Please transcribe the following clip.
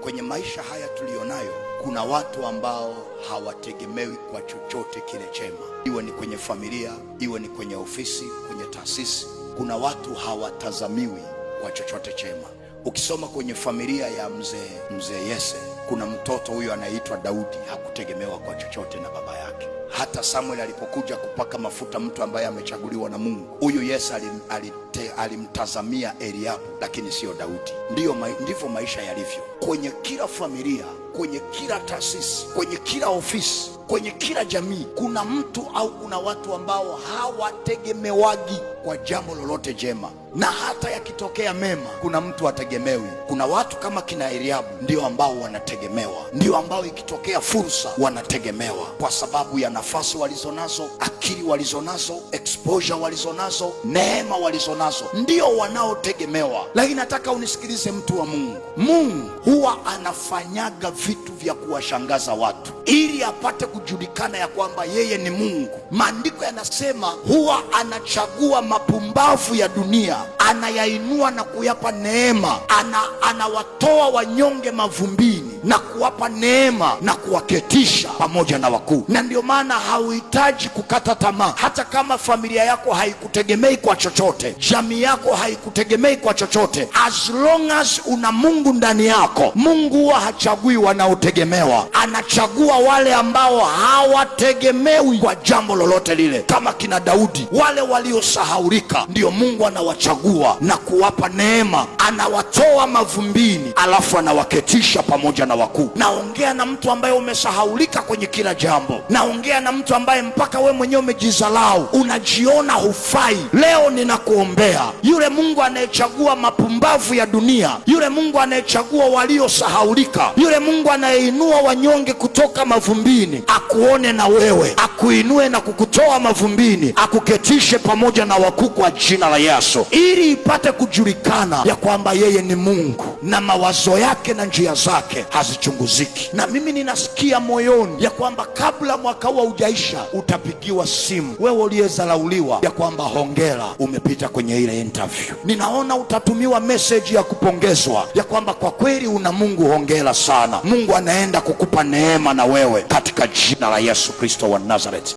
kwenye maisha haya tuliyonayo, kuna watu ambao hawategemewi kwa chochote kile chema, iwe ni kwenye familia, iwe ni kwenye ofisi, kwenye taasisi. Kuna watu hawatazamiwi kwa chochote chema. Ukisoma kwenye familia ya mzee mzee Yese, kuna mtoto huyo anaitwa Daudi, hakutegemewa kwa chochote na baba hata Samuel alipokuja kupaka mafuta mtu ambaye amechaguliwa na Mungu, huyu Yesu alim, alimtazamia Eliabu lakini siyo Daudi. Ndiyo, ndivyo maisha yalivyo kwenye kila familia, kwenye kila taasisi, kwenye kila ofisi kwenye kila jamii kuna mtu au kuna watu ambao hawategemewagi kwa jambo lolote jema, na hata yakitokea mema, kuna mtu ategemewi Kuna watu kama kina Eliabu ndio ambao wanategemewa, ndio ambao ikitokea fursa wanategemewa, kwa sababu ya nafasi walizonazo, akili walizonazo, exposure walizonazo, neema walizonazo, ndio wanaotegemewa. Lakini nataka unisikilize, mtu wa Mungu, Mungu huwa anafanyaga vitu vya kuwashangaza watu ili apate kujulikana ya kwamba yeye ni Mungu. Maandiko yanasema huwa anachagua mapumbavu ya dunia, anayainua na kuyapa neema, ana anawatoa wanyonge mavumbini na kuwapa neema na kuwaketisha pamoja na wakuu. Na ndio maana hauhitaji kukata tamaa, hata kama familia yako haikutegemei kwa chochote, jamii yako haikutegemei kwa chochote, as long as una Mungu ndani yako. Mungu huwa hachagui wanaotegemewa, anachagua wale ambao hawategemewi kwa jambo lolote lile, kama kina Daudi, wale waliosahaulika, ndio Mungu anawachagua na kuwapa neema, anawatoa mavumbini, alafu anawaketisha pamoja na wakuu. Naongea na mtu ambaye umesahaulika kwenye kila jambo. Naongea na mtu ambaye mpaka wewe mwenyewe umejizalau, unajiona hufai. Leo ninakuombea yule Mungu anayechagua mapumbavu ya dunia, yule Mungu anayechagua waliosahaulika, yule Mungu anayeinua wanyonge kutoka mavumbini, akuone na wewe, akuinue na kukutoa mavumbini, akuketishe pamoja na wakuu kwa jina la Yesu, ili ipate kujulikana ya kwamba yeye ni Mungu na mawazo yake na njia zake hazichunguziki. Na mimi ninasikia moyoni ya kwamba kabla mwaka huu haujaisha utapigiwa simu wewe uliyezalauliwa, ya kwamba hongera, umepita kwenye ile interview. Ninaona utatumiwa meseji ya kupongezwa ya kwamba kwa kweli una Mungu, hongera sana, Mungu anaenda kukupa neema na wewe katika jina la Yesu Kristo wa Nazareti.